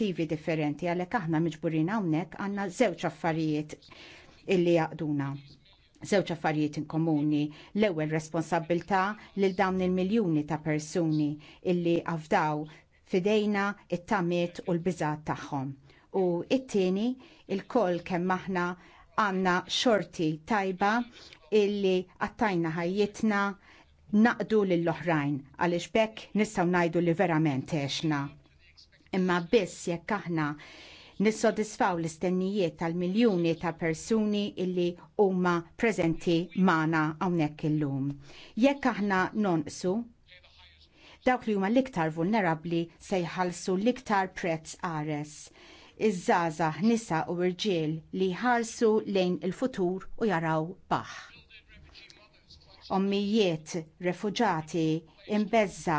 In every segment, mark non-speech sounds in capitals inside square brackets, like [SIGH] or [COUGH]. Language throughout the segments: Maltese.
perspettivi differenti għalhekk aħna miġburin hawnhekk għandna żewġ affarijiet illi jaqduna. Żewġ affarijiet inkomuni, l-ewwel responsabilità lil dawn il-miljuni ta' persuni illi għafdaw fidejna it-tamiet u l-biżat tagħhom. U it-tieni il-koll kemm aħna għandna xorti tajba illi għattajna ħajjitna naqdu lill-oħrajn għaliex bekk nistgħu ngħidu li verament għexna imma biss jekk aħna nissodisfaw l-istennijiet tal-miljuni ta' persuni illi huma preżenti magħna hawnhekk illum. Jekk aħna nonqsu, dawk li huma l-iktar vulnerabbli se jħallsu l-iktar prezz qares. Iż-żgħażagħ nisa u rġiel li jħallsu lejn il-futur u jaraw baħ. Ommijiet, refuġati, imbezza,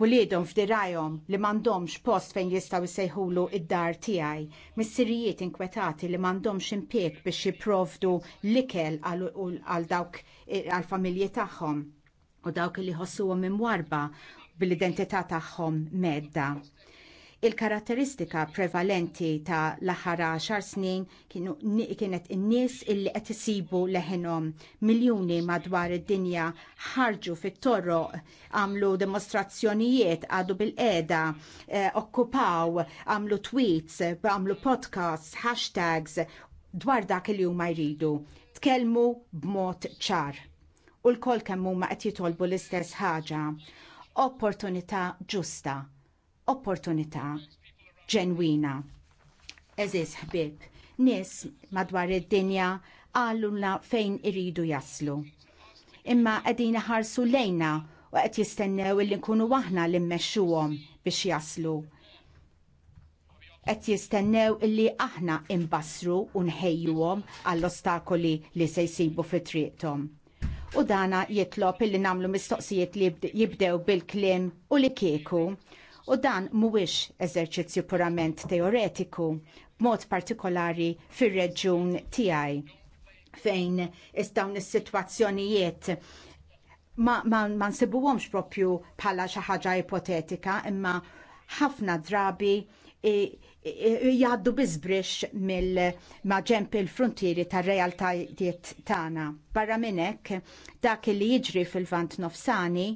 bulidum f'dirajhom li m'għandhomx post fejn jistgħu jsejħulu id-dar tiegħi, missirijiet inkwetati li m'għandhomx impjeg biex jipprovdu l-ikel għal dawk għal familji tagħhom u dawk li ħossuhom imwarba bil-identità tagħhom medda. Il-karatteristika prevalenti ta' l-aħħar xar snin kienet in-nies illi qed isibu leħinhom Miljuni madwar id-dinja ħarġu fit-torro għamlu demostrazzjonijiet għadu bil-qeda, eh, okkupaw, għamlu tweets, għamlu podcasts, hashtags dwar dak li huma jridu. Tkellmu b'mod ċar u l-kol kemm huma qed jitolbu l-istess ħaġa. Opportunità ġusta opportunità ġenwina. Eżis ħbib, nis madwar id-dinja għallunna fejn iridu jaslu. Imma għedina ħarsu lejna u għed jistennew li nkunu waħna li mmexxuhom biex jaslu. Qed jistennew il-li aħna imbasru u nħejjuhom għall-ostakoli li se jsibu fi U dana jitlob illi namlu mistoqsijiet li jibdew bil-klim u li kieku U dan mhuwiex eżerċizzju purament teoretiku, b'mod partikolari fir-reġjun tiegħi fejn dawn is-sitwazzjonijiet ma, ma, ma nsibuhomx propju bħala xi ħaġa ipotetika imma ħafna drabi jgħaddu bizbrix mill maġemp il-frontieri tar realtajiet tagħna. Barra minn hekk, dak li jiġri fil-vant nofsani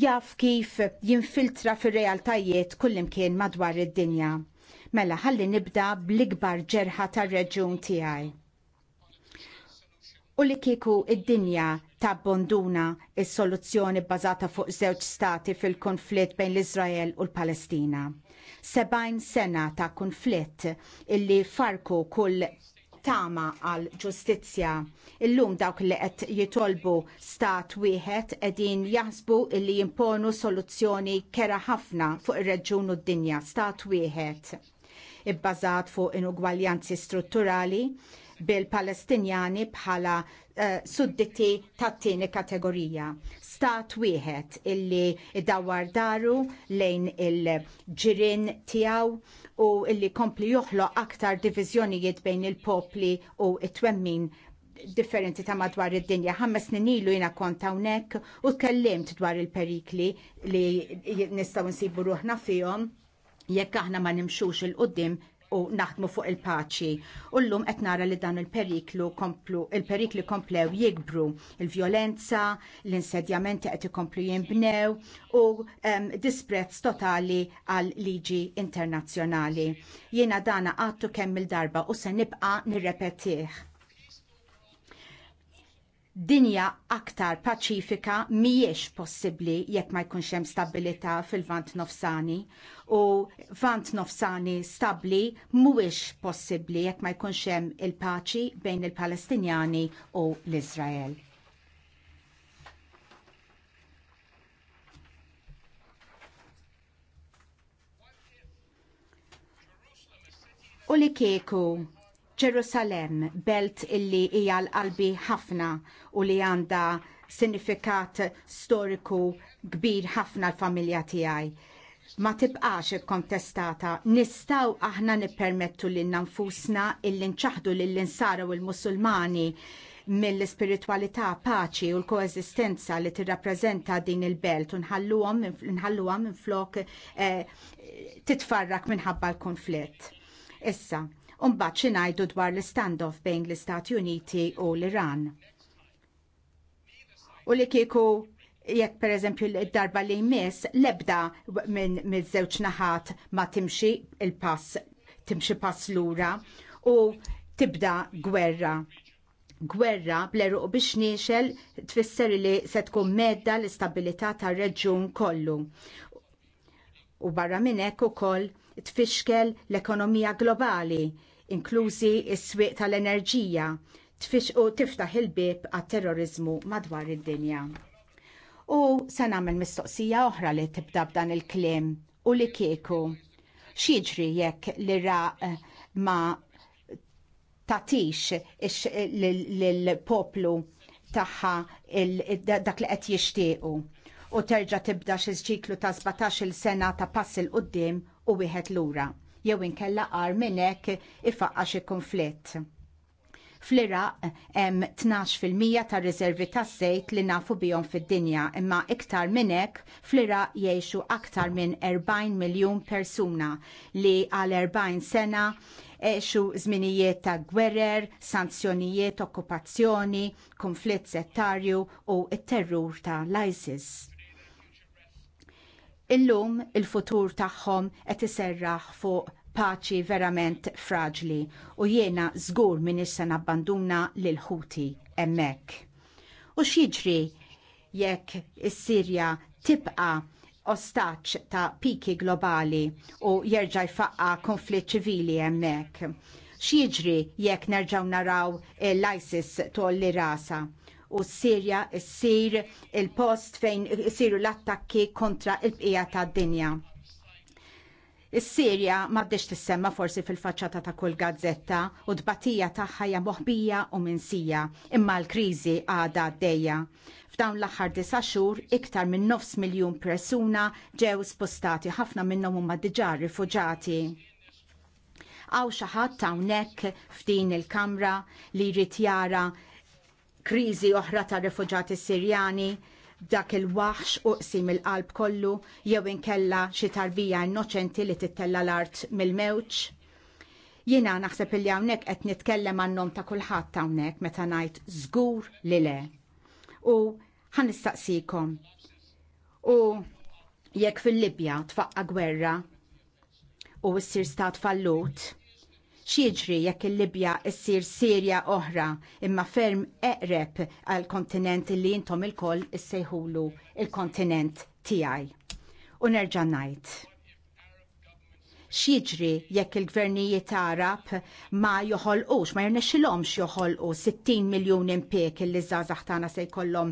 jaf kif jinfiltra fir-realtajiet kullimkien madwar id-dinja. Mela ħalli nibda bl-ikbar ġerħa tar-reġjun tiegħi. U li kieku id-dinja bonduna is-soluzzjoni bbażata fuq żewġ stati fil-konflitt bejn l-Iżrael u l-Palestina. Sebajn sena ta' konflitt illi farku kull tama għal ġustizzja. Illum dawk li qed jitolbu stat wieħed qegħdin jaħsbu li jimponu soluzzjoni kera ħafna fuq ir-reġjun u d-dinja stat wieħed. Ibbażat fuq inugwaljanzi strutturali bil-Palestinjani bħala uh, eh, sudditi tat-tieni kategorija stat wieħed illi dawar daru lejn il-ġirin tiegħu u illi kompli joħloq aktar diviżjonijiet bejn il-popli u it-twemmin differenti ta' madwar id-dinja. Ħamma snin ilu jina kont hawnhekk u tkellimt dwar il-perikli li nistgħu nsibu ruħna fihom jekk aħna ma nimxux il-qudiem u naħdmu fuq il-paċi. U llum qed nara li dan il-periklu komplu, il-perikli komplew jikbru il-vjolenza, l-insedjamenti qed ikomplu jinbnew u um, disprezz totali għal liġi internazzjonali. Jiena dana għattu kemm il-darba u se nibqa' nirrepetih dinja aktar paċifika mhijiex possibbli jekk ma jkunx hemm stabilità fil-vant nofsani u vant nofsani stabbli mhuwiex possibbli jekk ma jkunx hemm il-paċi bejn il-Palestinjani u l-Iżrael. u li kieku Ġerusalem, belt illi hija l-qalbi ħafna u li għandha sinifikat storiku kbir ħafna l-familja tiegħi. Ma tibqax il-kontestata, nistgħu aħna nippermettu lil nanfusna illi nċaħdu lil insara u l-Musulmani mill-spiritualità, paċi u l-koeżistenza li tirrappreżenta din il-belt u nħalluhom minflok eh, titfarrak minħabba l-konflitt. Issa, u mbagħad xi ngħidu dwar l-standoff bejn l-Istati Uniti u l-Iran. U li kieku jekk per eżempju id-darba li jmiss lebda minn mizzewċ żewġ naħat ma timxi il-pass timxi pass lura u tibda gwerra gwerra u biex niexel tfisser li se tkun medda l-istabilità tar reġjun kollu. U barra minn hekk ukoll tfixkel l-ekonomija globali, inklużi s-swieq tal-enerġija, u tiftaħ il-bib għat-terrorizmu madwar id-dinja. U se nagħmel mistoqsija oħra li tibda b'dan il-klim u li kieku. X'jiġri jekk li raq eh, ma tatix lill-poplu tagħha dak li qed jixtiequ u terġa' tibda xi ċiklu ta' 17-il sena ta' pass il qudiem u wieħed lura jew inkella qar minn hekk ifaqqa xi konflitt. Fl-Iraq hemm 12% tar riservi tas-żejt li nafu bihom fid-dinja, imma iktar minn hekk fl-Iraq jgħixu aktar minn 40 miljun persuna li għal 40 sena eħxu żminijiet ta' gwerer, sanzjonijiet, okkupazzjoni, konflitt settarju u t terrur ta' l-ISIS illum il-futur tagħhom qed iserraħ fuq paċi verament fraġli u jiena żgur min issa nabbanduna lil ħuti hemmhekk. U x'jiġri jekk is-Sirja tibqa' ostaċ ta' piki globali u jerġa' jfaqqa konflitt ċivili hemmhekk. X'jiġri jekk nerġgħu naraw l-ISIS tolli rasa? u Sirja ssir il-post fejn isiru l-attakki kontra il-bqija tad dinja. Is-Sirja m'għaddix tissemma forsi fil-faċċata ta' kull gazzetta u tbatija tagħha hija moħbija u minsija, imma l-kriżi għadha għaddejja. F'dawn l-aħħar disa' xhur iktar minn nofs miljun persuna ġew spostati ħafna minnhom huma diġà rifuġati għaw xaħat hawnhekk f'din il-kamra li jrid jara kriżi oħra ta' rifuġati Sirjani, dak il-waħx uqsim il-qalb kollu jew inkella xi tarbija innoċenti li tittella l-art mill-mewġ. Jiena naħseb li hawnhekk qed nitkellem għan-nom ta' kulħadd hawnhekk meta ngħid żgur li le. U ħanistaqsikom. U jekk fil-Libja tfaqqa gwerra u ssir stat fallut, xieġri jekk il-Libja issir Sirja oħra imma ferm eqreb għal kontinent li jintom il-koll issejħulu il-kontinent tiegħi. U nerġa' ngħid x'jiġri jekk il-gvernijiet Arab ma joħolqux, ma jirnexxilhomx joħolqu 60 miljun il li żgħażagħ tagħna se jkollhom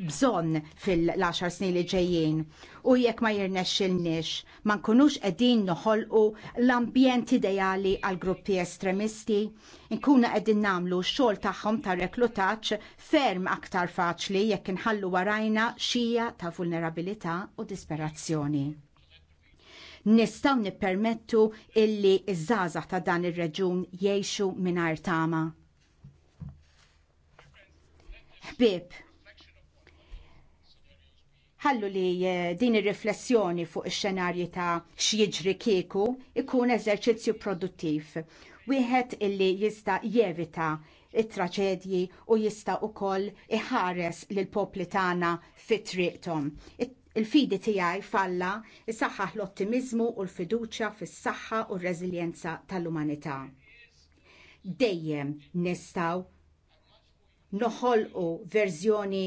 bżonn fil-10 snin li ġejjin. U jekk ma jirnexxilniex ma nkunux qegħdin noħolqu l-ambjent ideali għal gruppi estremisti, nkunu qegħdin nagħmlu x-xogħol tagħhom ta' reklutaċ ferm aktar faċli jekk inħallu warajna xija ta' vulnerabilità u disperazzjoni nistaw nippermettu illi iż żaza ta' dan ir-reġun jgħixu mingħajr tama. Ħbib, ħallu li eh, din ir-riflessjoni fuq ix-xenarji ta' x'jiġri kieku ikun eżerċizzju produttiv. Wieħed illi jista' jevita it-traċedji u jista' ukoll iħares lil popli tagħna fit-triqthom il-fidi tiegħi falla isaħħaħ l-ottimizmu u l-fiduċja fis-saħħa u r-reżiljenza tal-umanità. Dejjem nistgħu noħolqu verżjoni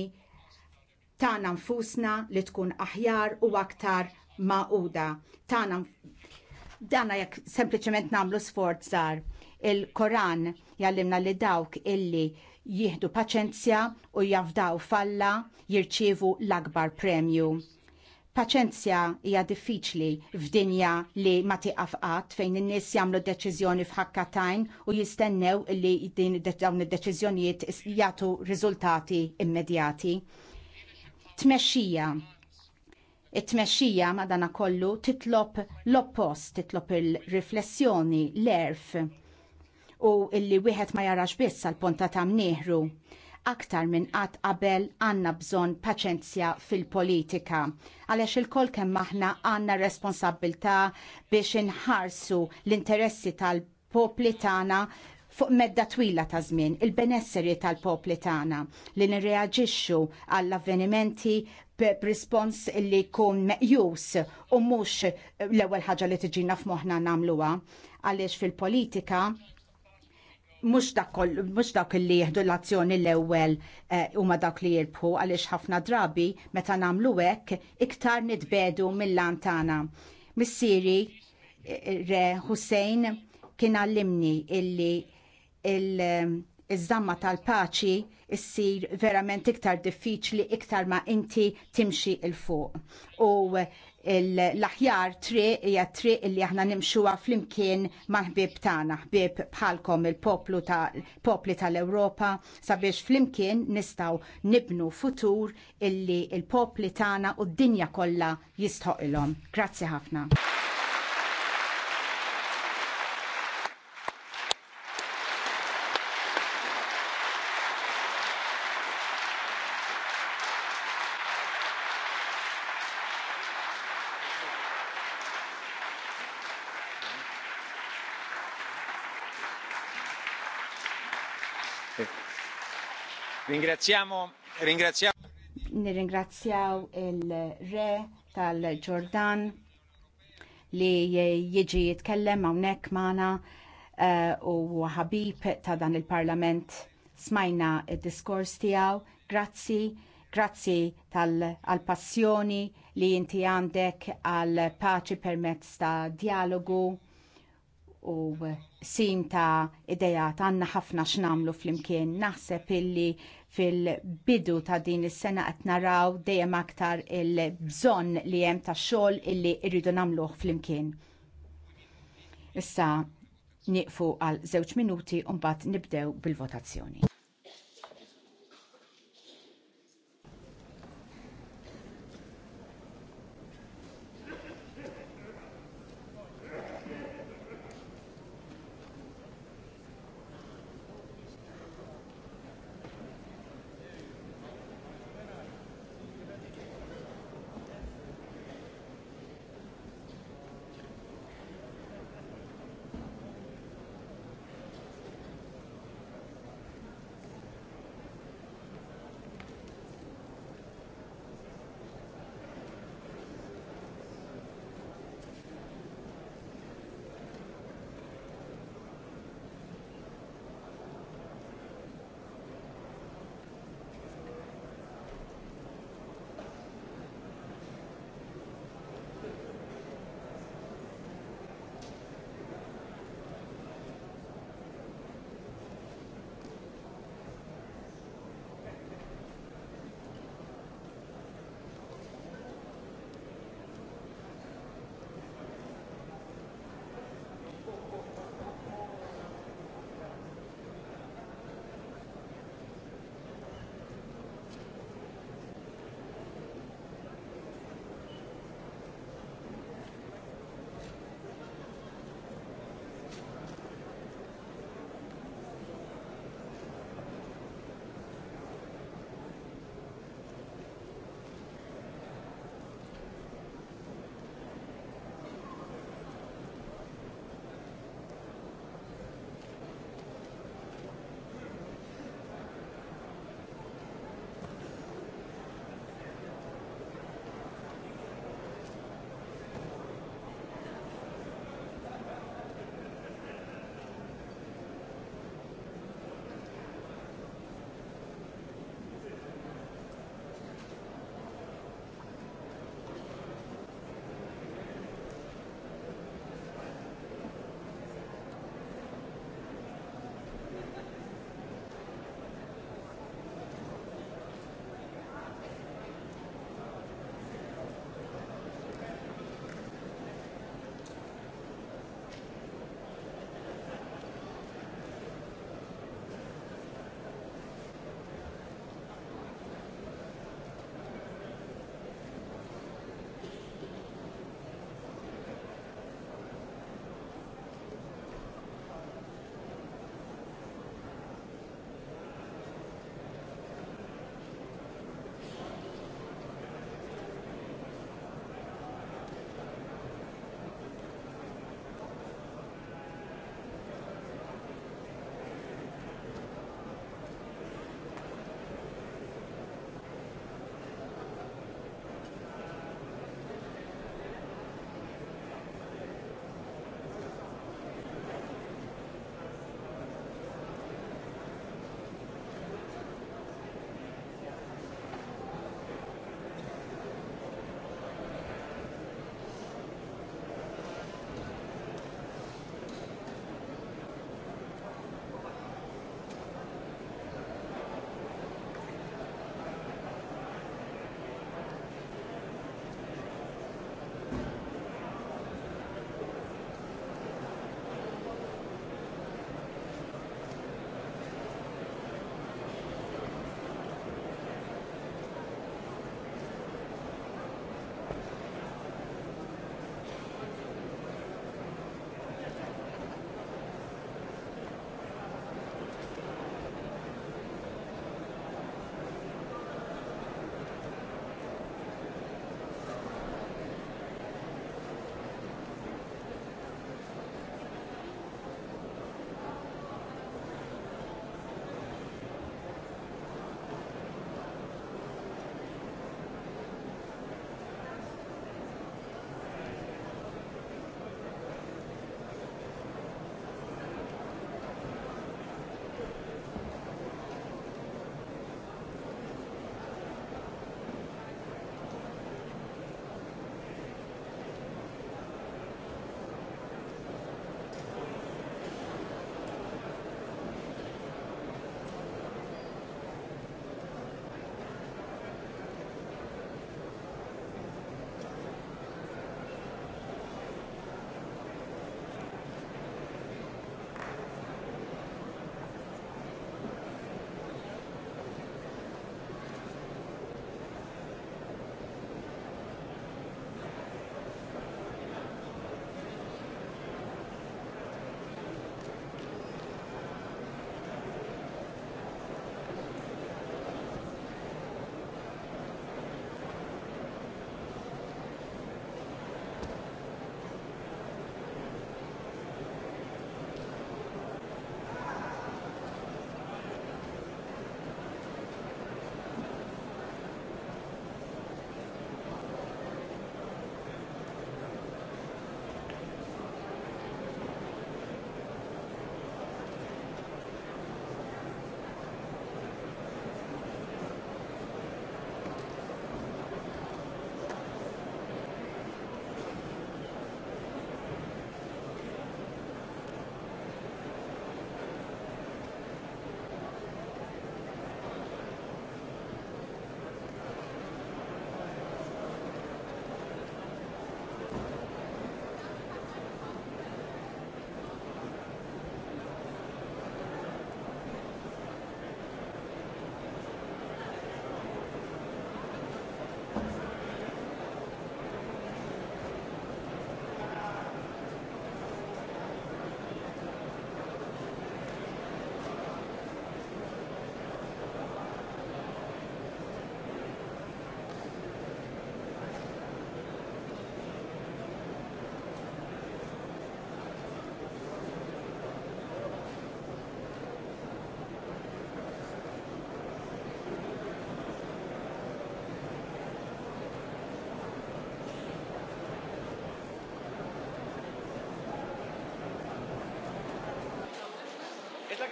tagħna nfusna li tkun aħjar u aktar maquda. Tagħna dana jekk sempliċement nagħmlu sforz żgħar. Il-Koran jallimna li dawk illi jieħdu paċenzja u jafdaw falla jirċievu l-akbar premju. Paċenzja hija diffiċli f'dinja li ma tiqaf fejn in-nies jagħmlu deċiżjoni f'ħakkatajn u jistennew li din dawn id-deċiżjonijiet jagħtu riżultati immedjati. Tmexxija it-tmexxija madana kollu titlob l-oppost, titlob il-riflessjoni, l-erf u illi wieħed ma jarax biss għal ponta ta' mnieħru aktar minn qatt qabel għandna bżonn paċenzja fil-politika. Għaliex il koll kemm aħna għandna responsabilità biex inħarsu l-interessi tal-popli tagħna fuq medda twila ta' żmien il-benesseri tal-popli tagħna li nirreaġixxu għall-avvenimenti b'rispons li jkun meqjus u mhux l-ewwel ħaġa li tiġina f'moħħna nagħmluha għaliex fil-politika mux dak li jihdu l-azzjoni l-ewel eh, u ma dak li jirbħu għalix ħafna drabi meta namlu hekk iktar nitbedu mill-lantana. Missiri eh, Re Hussein kien għallimni illi il eh, żamma tal-paċi issir verament iktar diffiċli iktar ma inti timxi il-fuq. U l-aħjar triq hija triq li aħna nimxuha flimkien ma' ħbieb tagħna, ħbieb bħalkom il-poplu ta' popli tal-Ewropa sabiex flimkien nistgħu nibnu futur illi il-popli tagħna u d-dinja kollha jistħoqilhom. Grazzi ħafna. Ringrazzjamo, ringrazzjamo. Nirringrazzjaw il-re tal-Ġordan li jiġi jitkellem hawnhekk Mana eh, u ħabib ta' dan il-Parlament smajna id-diskors tiegħu. Grazzi, grazzi tal-passjoni li inti għandek għal paċi permezz ta' dialogu u sim ta' idejat għanna ħafna x'namlu fl-imkien. Naħseb illi fil-bidu ta' din is-sena qed naraw dejjem aktar il-bżonn li hemm ta' xogħol illi rridu nagħmluh fl-imkien. Issa nieqfu għal żewġ minuti u mbagħad nibdew bil-votazzjoni.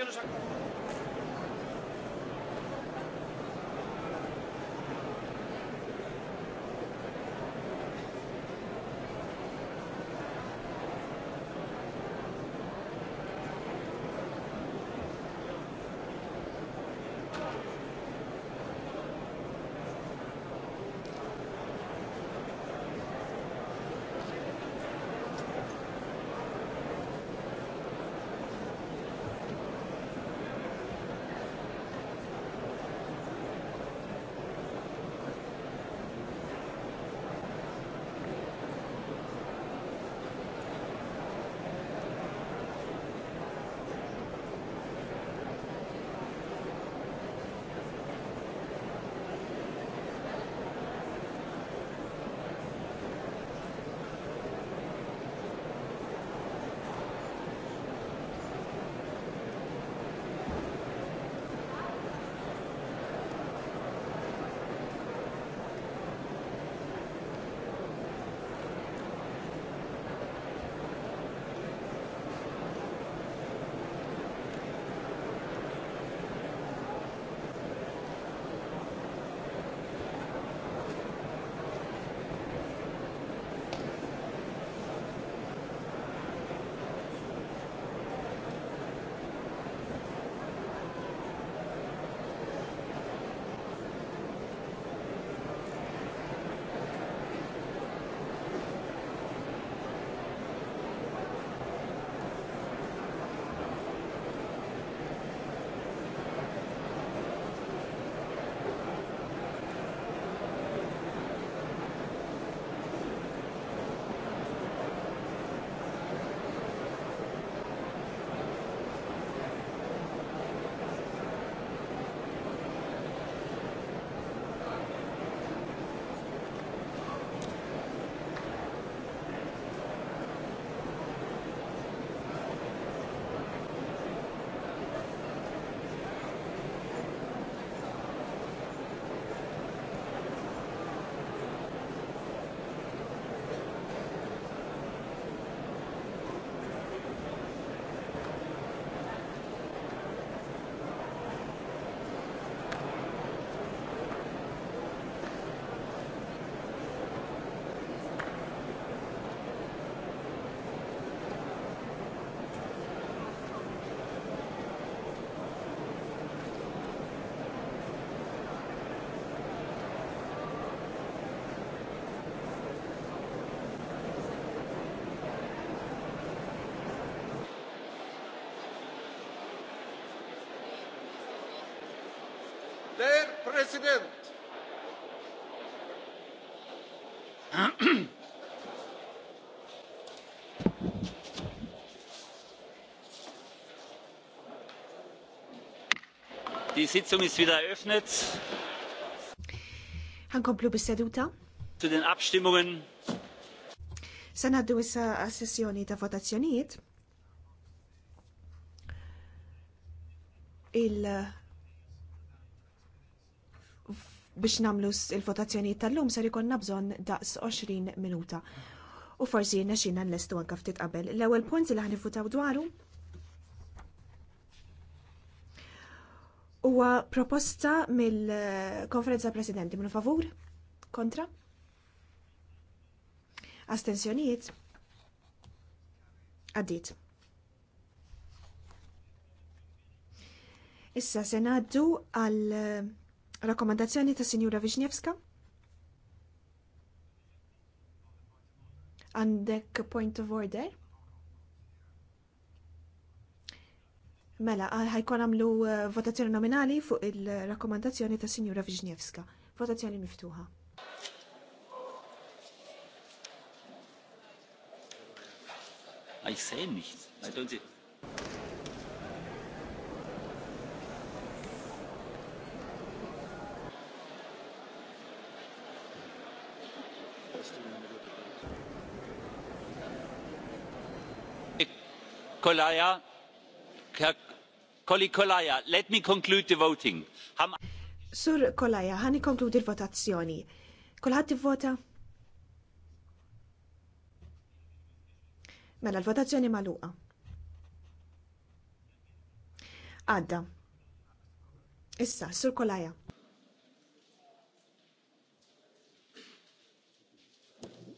que nos acompañe. President. Die Sitzung ist wieder eröffnet. Ħankomplu bis-seduta. Zu den Abstimmungen. Sana du Sanaddu a sessioni ta' votazzjonijiet. Il biex namlu il-votazzjoni tal-lum ser ikonna bżon daqs 20 minuta. U forsi xina nlestu anka ftit qabel. L-ewwel punt li futaw dwaru huwa proposta mill-konferenza presidenti minn favur kontra astensjonijiet għaddit. Issa se ngħaddu għal Rakkomandazzjoni ta' Sinjura Wiżniewska? Għandek point of order? Mela, ħajkun għamlu eh, votazzjoni nominali fuq il-rakkomandazzjoni ta' Sinjura Wiżniewska. Votazzjoni miftuħa. I say nicht. I don't see. Sur Kolaja, ħani konkludi l-votazzjoni. Kolħat vota? Mela l-votazzjoni maluqa. Għadda. Issa, sur Kolaja.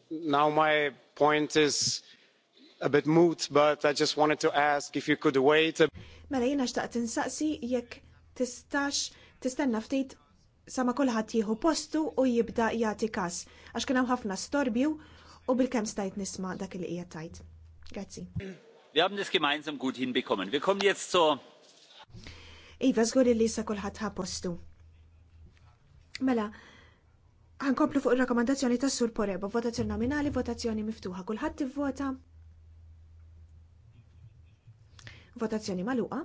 Now my point is a bit moot, but I just wanted to ask if you could wait. Mela jiena xtaqt insaqsi jekk tistax tistenna ftit sama kulħadd jieħu postu u jibda jagħti każ għax kien hemm ħafna storbju u bilkemm stajt nisma' dak li qiegħed tajt. Grazzi. Wir haben das gemeinsam gut hinbekommen. Wir kommen jetzt zur Iva, żgur li sa kulħadd ħa postu. Mela, ħankomplu fuq ir-rakkomandazzjoni tas-Sur Poreba, votazzjoni nominali, votazzjoni miftuħa, kulħadd ivvota. Votazzjoni maluqa.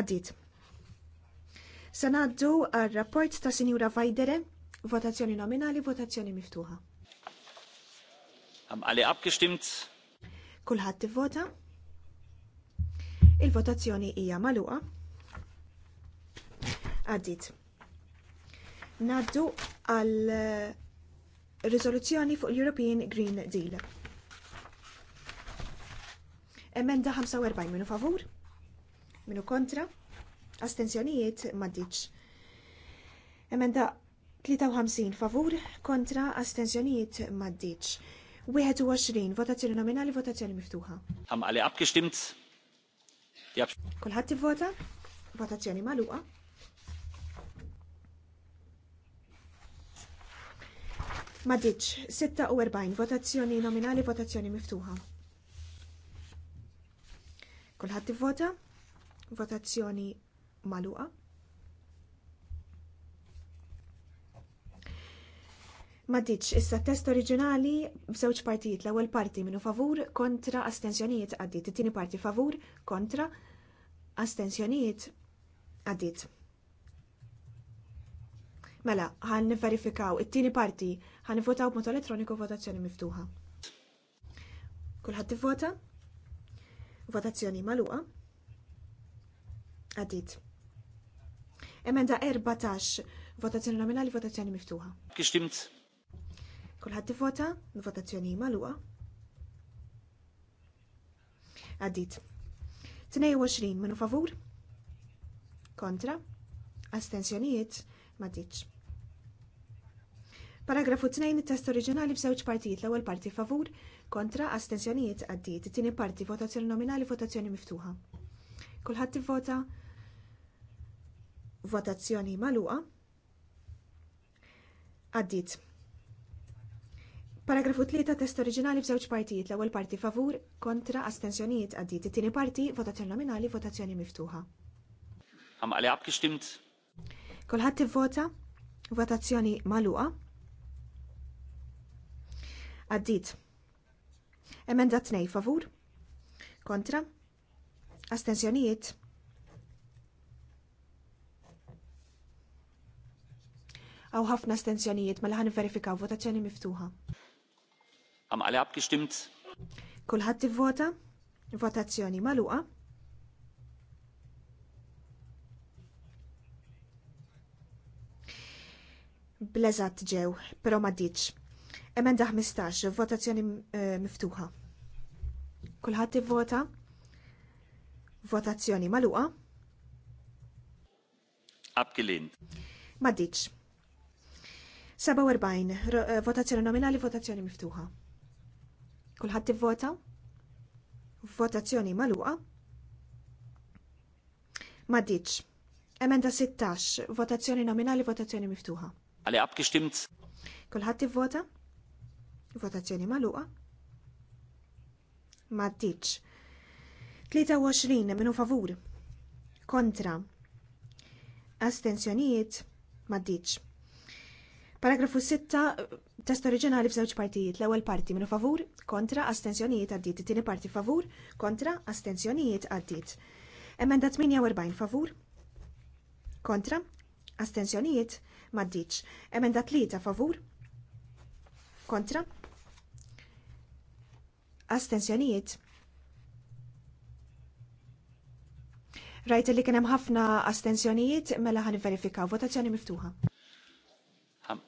Għaddit. Sanaddu għal rapport ta' Sinjura Vajdere, votazzjoni nominali, votazzjoni miftuħa. Am alle abgestimmt? Kulħadd tivvota. Il-votazzjoni hija maluqa. Għaddit. Naddu għal eh, riżoluzzjoni fuq European Green Deal. Emenda 45 minu favur, minu kontra, astenzjonijiet maddiċ. Emenda 53 favur, kontra, astenzjonijiet maddiċ. 21 votazzjoni nominali, votazzjoni miftuħa. Ham għali abgestimt? Kulħadd vota? Votazzjoni magħluqa. Maddiċ, 46 votazzjoni nominali, votazzjoni miftuħa. Kulħadd ivvota? Votazzjoni magħluqa. Ma ditx, issa test oriġinali b'żewġ partijiet, l-ewwel parti minnu favur kontra astensjonijiet għaddit, it-tieni parti favur kontra astensjonijiet għaddit. Mela, ħan verifikaw it-tieni parti ħan votaw b'mod elettroniku votazzjoni miftuħa. Kulħadd ivvota? Votazzjoni maluqa. Għaddit. Emenda 14. Votazzjoni nominali, votazzjoni miftuħa. Kishtimt. Kulħadd ivota, votazzjoni maluqa. Għaddit. 22 minu favur. Kontra. Astensjonijiet ma Paragrafu 2 it-test oriġinali b'żewġ partijiet l-ewwel parti favur, kontra astensjonijiet għaddit It-tieni parti votazzjoni nominali votazzjoni miftuħa. Kulħadd tivvota votazzjoni magħluqa għaddit. Paragrafu 3 test oriġinali f'żewġ partijiet l-ewwel parti favur kontra astensjonijiet għaddit It-tieni parti votazzjoni nominali votazzjoni miftuħa. Haben għabki abgestimmt? Kulħadd tivvota votazzjoni magħluqa għaddiet. Emenda t-nej favur. Kontra. Astenzjonijiet. Aw ħafna astenzjonijiet ma mela laħan verifikaw votazzjoni miftuħa. Am alle abgestimmt? Kulħadd ivvota? Votazzjoni maluqa. Blezat ġew, però ma ditx. Emenda 15, votazzjoni eh, miftuħa. Kulħadd ivvota? Votazzjoni magħluqa? Abkilin. Maddiċ. 47, votazzjoni nominali, votazzjoni miftuħa. Kulħadd ivvota? Votazzjoni magħluqa? Maddiċ. Emenda 16, votazzjoni nominali, votazzjoni miftuħa. Għalli abkistimt? Kulħadd ivvota? Votazzjoni maluqa. Maddiċ. 23 minu favur. Kontra. Astenzjonijiet. Maddiċ. Paragrafu 6, test oriġinali f'żewġ partijiet. L-ewwel parti minu favur, kontra, astenzjonijiet għaddit. It-tieni parti favur, kontra, astenzjonijiet għaddit. Emenda 48 favur, kontra, astenzjonijiet maddiċ. Emenda 3 favur, kontra, astensjonijiet. Rajt li kienem ħafna astensjonijiet mela ħan verifika votazzjoni miftuħa.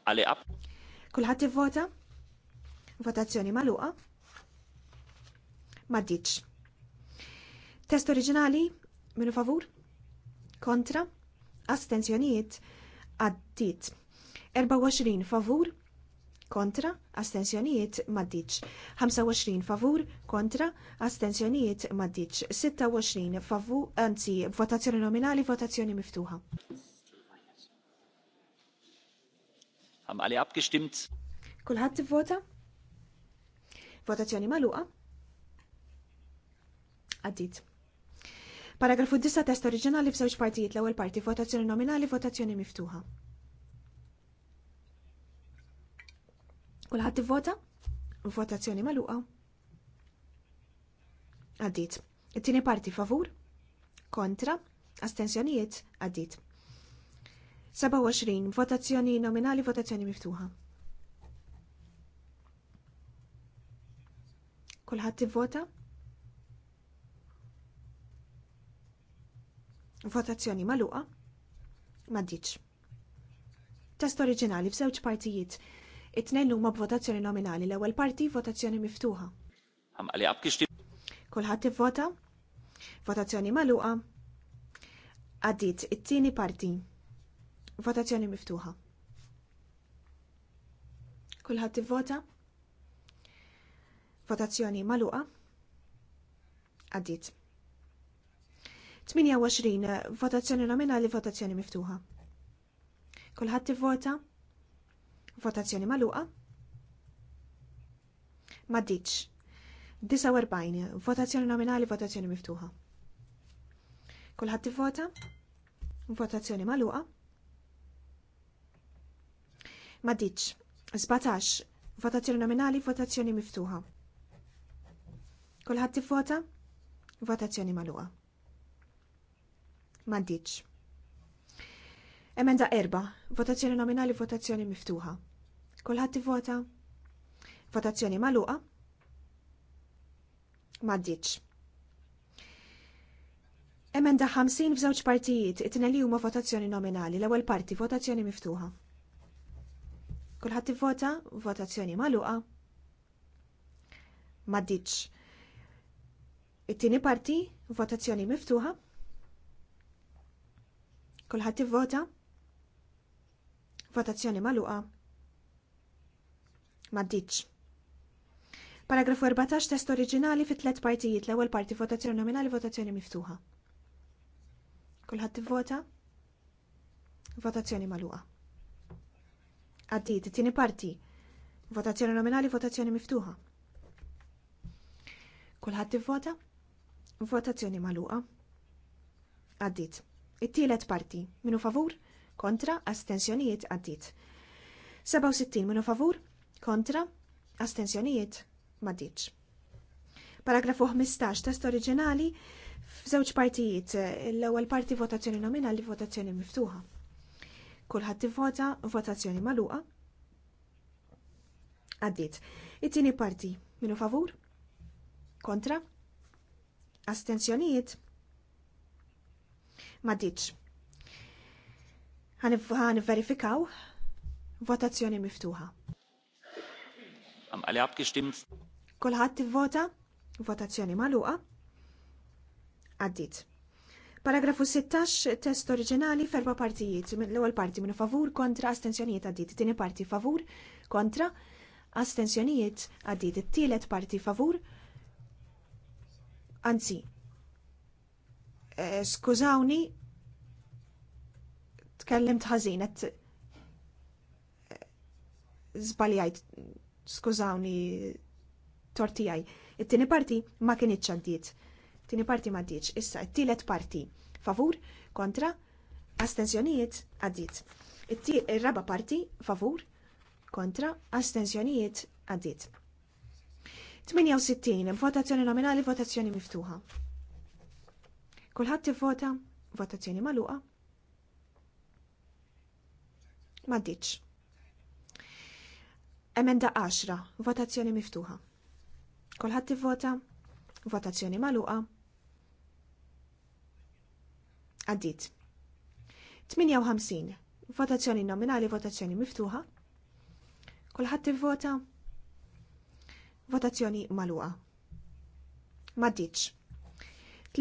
Għali ab. Kulħadd ivvota? Votazzjoni maluqa? Maddiċ. Test oriġinali minu favur? Kontra? Astenzjonijiet? Għaddit. 24 favur? kontra, astensjonijiet maddiċ. 25 favur, kontra, astensjonijiet maddiċ. 26 favur, anzi, votazzjoni nominali, votazzjoni miftuħa. Ham għali abgestimmt? Kulħadd tivvota? Votazzjoni maluqa? Għaddit. Paragrafu 9 test oriġinali f'żewġ partijiet l-ewwel parti votazzjoni nominali, votazzjoni miftuħa. Kulħadd ivvota? Votazzjoni magħluqa. Għaddit. It-tieni parti favur? Kontra? Astensjonijiet? Għaddit. 27 votazzjoni nominali votazzjoni miftuħa. Kulħadd ivvota? Votazzjoni magħluqa? Ma ddiċ. Test oriġinali f'żewġ partijiet. It-tnejn huma b'votazzjoni nominali, l-ewwel parti votazzjoni miftuħa. Kulħadd ivvota? Votazzjoni magħluqa. Għaddit it-tieni parti. Votazzjoni miftuħa. Kulħadd ivvota? Votazzjoni magħluqa. Għaddit. 28 votazzjoni nominali, votazzjoni miftuħa. Kulħadd ivvota? Votazzjoni maluqa. Ma ditx. 49. Votazzjoni nominali, votazzjoni miftuħa. Kulħadd tivvota? Votazzjoni maluqa. Ma ditx. 17. Votazzjoni nominali, votazzjoni miftuħa. Kulħadd tivvota? Votazzjoni maluqa. Ma ditx. Emenda erba, votazzjoni nominali, votazzjoni miftuħa. Kulħadd vota Votazzjoni magħluqa. M'għaddiċ. Emenda 50 f'żewġ partijiet, it li huma votazzjoni nominali, l-ewwel parti votazzjoni miftuħa. Kulħadd ivvota, votazzjoni magħluqa. M'għaddiċ. It-tieni parti, votazzjoni miftuħa. Kulħadd ivvota, votazzjoni magħluqa. Maddiċ. Paragrafu 14 test oriġinali fit tlet partijiet l-ewwel parti votazzjoni nominali votazzjoni miftuħa. Kulħadd tivvota? Votazzjoni magħluqa. Għaddit, it-tieni parti. Votazzjoni nominali votazzjoni miftuħa. Kulħadd tivvota? Votazzjoni magħluqa. Għaddit, It-tielet parti. Minu favur? Kontra? Astensjonijiet għaddit. 67 minu favur? kontra, astensjonijiet, maddiċ. Paragrafu 15, test oriġinali, f'żewġ partijiet, l-ewwel parti votazzjoni nominali votazzjoni miftuħa. Kulħadd vota, votazzjoni magħluqa. Għaddit, It-tieni parti minu favur? Kontra? Astenzjonijiet? Maddiċ. Għan verifikaw votazzjoni miftuħa. Am alle abgestimmt? Kulħadd vota Votazzjoni magħluqa? Għaddit. Paragrafu 16, test oriġinali ferba partijiet. L-ewwel parti minn favur kontra astensjonijiet għaddit. Tini parti favur kontra astensjonijiet għaddit. It-tielet parti favur. Anzi, eh, skużawni, tkellimt ħazinet, eh, zbaljajt, żbaljajt skużawni tortijaj. It-tieni parti ma kienitx għaddiet. Tieni parti ma għaddietx. Issa it-tielet parti favur kontra astenzjonijiet għaddit. il raba parti favur kontra astenzjonijiet għaddit. 68 votazzjoni nominali votazzjoni miftuħa. Kulħadd vota, votazzjoni magħluqa. Ma għaddietx. Emenda 10. Votazzjoni miftuħa. Kolħat tivvota. Votazzjoni maluqa. Għaddit. 58. Votazzjoni nominali, votazzjoni miftuħa. Kolħat tivvota. Votazzjoni maluqa. Maddiċ.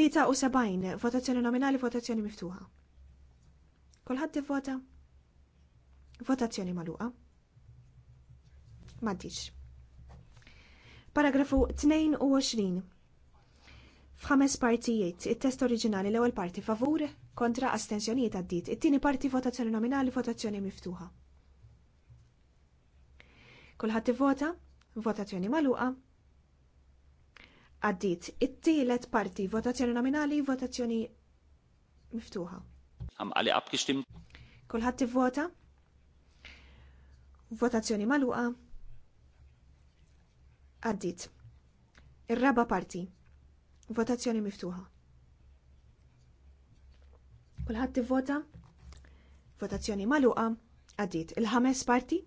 73. Votazzjoni nominali, votazzjoni miftuħa. Kolħat tivvota. Votazzjoni maluqa. M'għaddix. Paragrafu 22. F'ħames partijiet, it-test oriġinali l-ewwel parti favur, kontra astensjonijiet għaddit, it-tieni parti votazzjoni nominali, votazzjoni miftuħa. Kulħadd ivvota, votazzjoni magħluqa, għaddit it-tielet parti votazzjoni nominali, votazzjoni miftuħa. Am għali abgestimmt. Kulħadd ivvota, votazzjoni magħluqa, Għaddit. Ir-raba parti. Votazzjoni miftuħa. Kulħadd tivvota? Votazzjoni magħluqa. Għaddit. Il-ħames parti.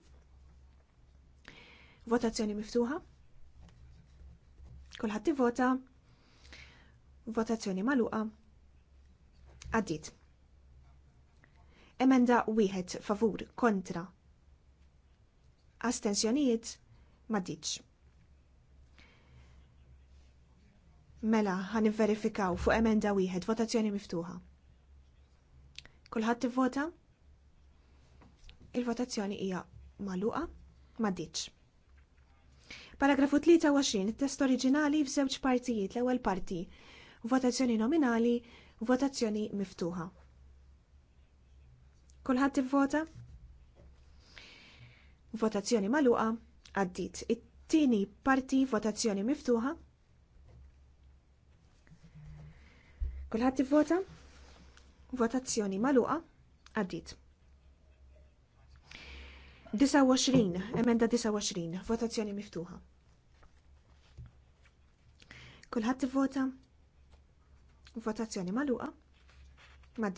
Votazzjoni miftuħa. Kulħadd tivvota. Votazzjoni magħluqa. Għaddit. Emenda wieħed favur kontra. Astensjonijiet ma' ditx. Mela, ħan verifikaw fuq emenda wieħed, votazzjoni miftuħa. Kulħadd tivvota? Il-votazzjoni hija magħluqa Mgħaditx. Paragrafu 23, it-test oriġinali f'żewġ partijiet, l-ewwel parti. Votazzjoni nominali, votazzjoni miftuħa. Kulħadd tivvota? Votazzjoni magħluqa għaddit. It-tieni parti votazzjoni miftuħa. Kulħadd ivvota? Votazzjoni magħluqa għaddiet. 29, emenda 29, votazzjoni miftuħa. Kulħadd ivvota? Votazzjoni magħluqa ma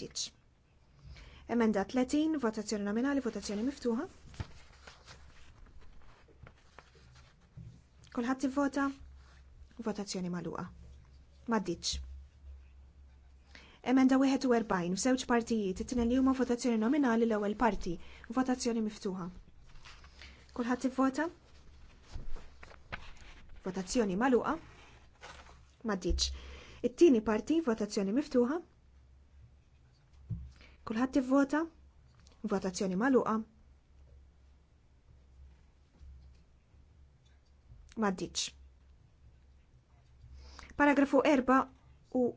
Emenda 30, votazzjoni nominali, votazzjoni miftuħa. Kulħadd ivvota? Votazzjoni magħluqa ma Emenda 41 f'żewġ partijiet, it-tnejn li huma votazzjoni nominali l-ewwel parti, votazzjoni miftuħa. Kulħadd ivvota? Votazzjoni magħluqa? M'għaddiċ. It-tieni parti, votazzjoni miftuħa. Kulħadd ivvota? Votazzjoni magħluqa? M'għaddiċ. Paragrafu 4 u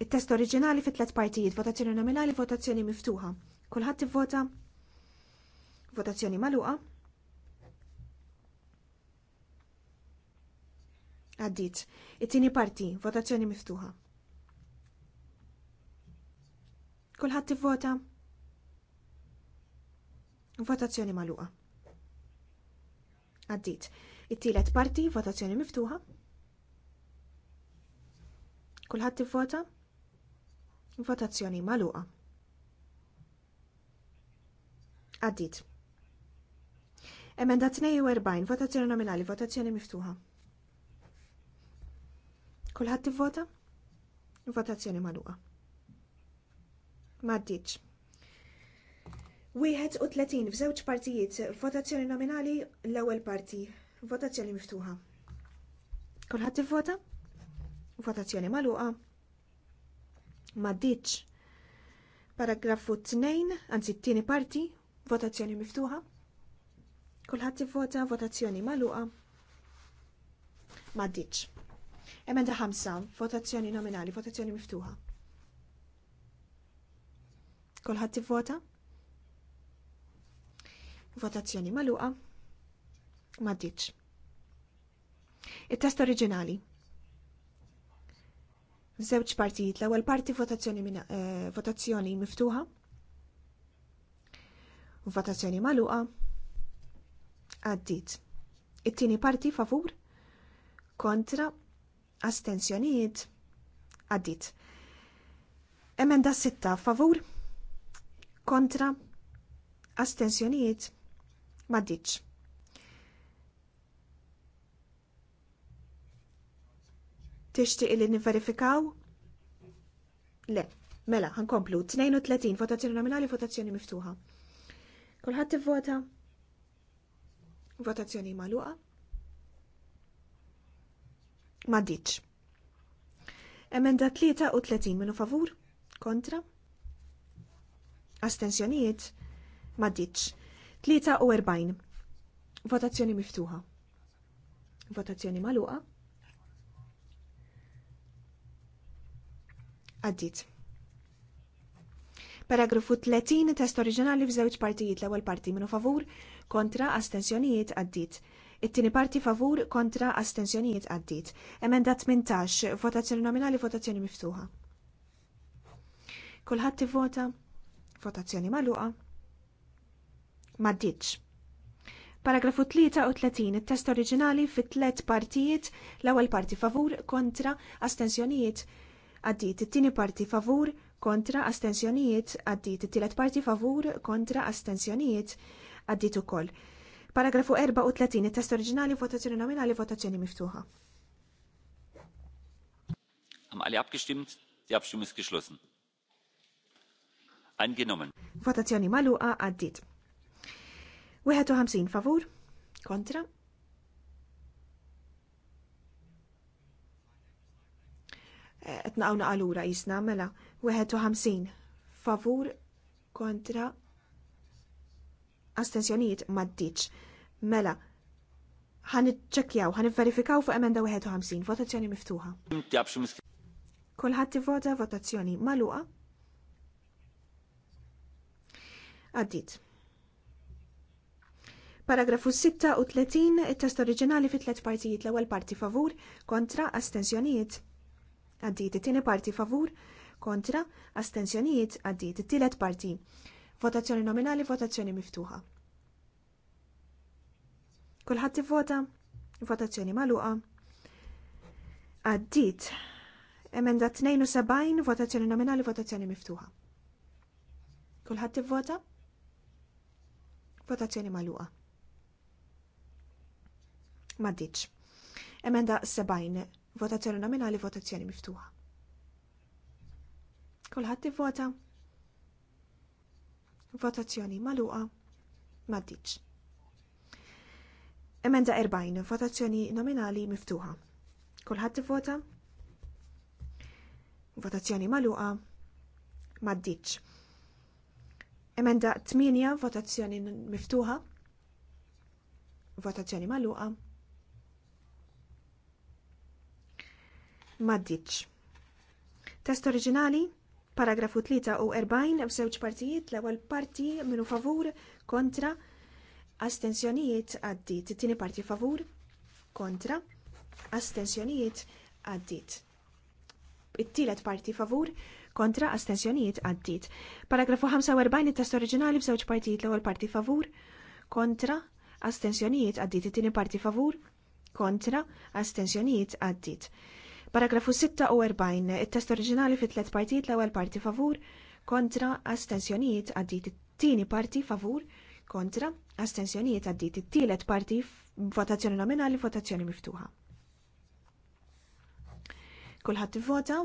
Il-test oriġinali fit tlet partijiet, votazzjoni nominali, votazzjoni miftuħa. Kulħadd tivvota? Votazzjoni magħluqa. Għaddit. It-tieni parti, votazzjoni miftuħa. Kulħadd tivvota? Votazzjoni magħluqa. Għaddit. It-tielet parti, votazzjoni miftuħa. Kulħadd tivvota? Votazzjoni magħluqa. Għaddit. Emenda 42, votazzjoni nominali, votazzjoni miftuħa. Kulħadd tivvota? Votazzjoni magħluqa. Maddiċ. tletin f'żewġ partijiet, votazzjoni nominali l-ewwel parti, votazzjoni miftuħa. Kulħadd tivvota? Votazzjoni magħluqa ma ditx. Paragrafu 2, anzi t-tieni parti, votazzjoni miftuħa. Kulħadd ivvota votazzjoni magħluqa. Ma ditx. Emenda 5, votazzjoni nominali, votazzjoni miftuħa. Kulħadd ivvota? Votazzjoni magħluqa. Ma ditx. Il-test oriġinali. Żewġ partijiet, l-ewwel parti votazzjoni min, eh, votazzjoni miftuħa. Votazzjoni magħluqa. Għaddit. It-tieni parti favur kontra astensjonijiet għaddit. Emenda sitta favur kontra astensjonijiet maddiċ. Tixtieq li niverifikaw? Le, mela, ħankomplu. 32 votazzjoni nominali, votazzjoni miftuħa. Kulħadd ivvota? Votazzjoni magħluqa? Ma ditx. Emenda 33 minu favur? Kontra? Astensjonijiet? Ma ditx. 43. Votazzjoni miftuħa. Votazzjoni magħluqa? Għaddit. Paragrafu 30 test oriġinali f'żewġ partijiet l-ewwel parti minnu favur kontra astensjonijiet għaddit. It-tieni parti favur kontra astensjonijiet għaddit. Emenda 18 votazzjoni nominali votazzjoni miftuħa. Kulħadd tivvota votazzjoni magħluqa. Maddiċ. Paragrafu 33 it-test oriġinali fit tliet partijiet l-ewwel parti favur kontra astensjonijiet għaddit it-tieni parti favur kontra astensjonijiet, għaddit it-tielet parti favur kontra astensjonijiet, għaddit ukoll. Paragrafu 34, test oriġinali, votazzjoni nominali, votazzjoni miftuħa. Am alle abgestimmt? di Abstimmung ist geschlossen. Angenommen. Votazzjoni maluqa għaddit. 51 favur, kontra, qed naqgħu jisna mela 51 favur kontra astensjonijiet maddiċ. Mela, ħan iċċekjaw, ħan verifikaw fuq emenda 51, votazzjoni miftuħa. Kulħadd vota votazzjoni magħluqa. Għaddit. Paragrafu 36, it-test oriġinali fit tlet partijiet l-ewwel parti favur kontra astensjonijiet għaddit it-tieni parti favur kontra astensjonijiet għaddit it-tielet parti. Votazzjoni nominali, votazzjoni miftuħa. Kulħadd ivvota, votazzjoni magħluqa. Għaddit emenda 72, votazzjoni nominali, votazzjoni miftuħa. Kulħadd ivvota? Votazzjoni magħluqa. M'għaddiċ. Emenda Votazzjoni nominali, votazzjoni miftuħa. Kulħadd ivvota. Votazzjoni magħluqa m'għaddiċ. Emenda 40, votazzjoni nominali miftuħa. Kulħadd ivvota. Votazzjoni magħluqa m'għaddiċ. Emenda 8, votazzjoni miftuħa. Votazzjoni magħluqa maddiċ. Test oriġinali, paragrafu 3 u 40 f'żewġ partijiet l-ewwel parti minu favur kontra astensjonijiet għaddit. It-tieni parti favur kontra astensjonijiet għaddit. It-tielet parti favur kontra astensjonijiet għaddit. Paragrafu 45 it-test oriġinali f'żewġ partijiet l-ewwel parti favur kontra astensjonijiet għaddit. It-tieni parti favur kontra astensjonijiet għaddit. Paragrafu 46, it-test oriġinali fit tlet partijiet l-ewwel parti favur kontra astensjonijiet għaddit it-tieni parti favur kontra astensjonijiet għaddit it-tielet parti votazzjoni nominali votazzjoni miftuħa. Kulħadd ivvota,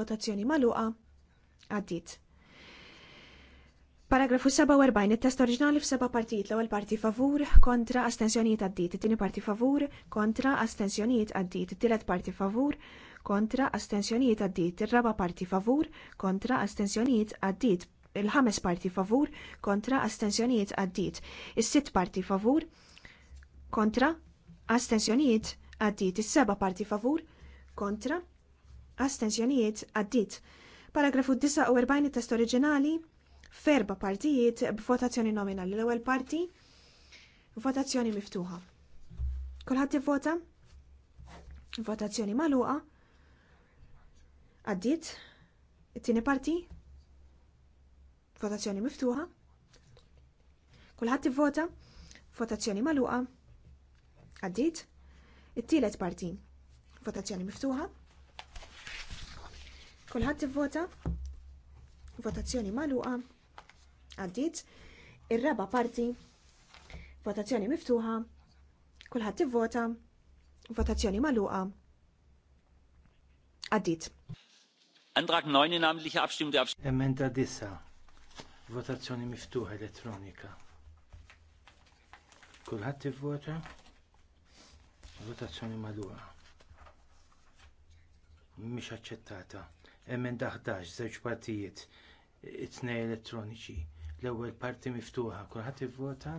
votazzjoni magħluqa għaddit. Paragrafu 47, il-test oriġinali f'seba partijiet l-ewwel parti favur kontra astensjonijiet għaddit, it-tieni parti favur kontra astensjonijiet għaddit, it-tielet parti favur kontra astensjonijiet għaddit, ir-raba parti favur kontra astensjonijiet għaddit, il-ħames parti favur kontra astensjonijiet għaddit, is-sitt parti favur kontra astensjonijiet għaddit, is-seba parti favur kontra astensjonijiet għaddit. Paragrafu 49 test oriġinali ferba partijiet b'votazzjoni nominali. L-ewwel parti votazzjoni miftuħa. Kulħadd ivvota? Votazzjoni magħluqa. Għaddiet. It-tieni parti? Votazzjoni miftuħa. Kulħadd ivvota? Votazzjoni magħluqa. Għaddiet. It-tielet parti. Votazzjoni miftuħa. Kulħadd ivvota? Votazzjoni magħluqa għaddit. Ir-raba parti, votazzjoni miftuħa, kulħadd tivvota. votazzjoni magħluqa. Għaddit. Antrag 9 namentliche Abstimmung der Abstimmung. Emenda disa. Votazzjoni miftuħa elettronika. Kulħadd tivvota. Votazzjoni magħluqa. Mhix aċċettata. Emenda 11 żewġ partijiet it-tnej elettroniċi L-ewwel parti miftuħa, kulħadd ivvota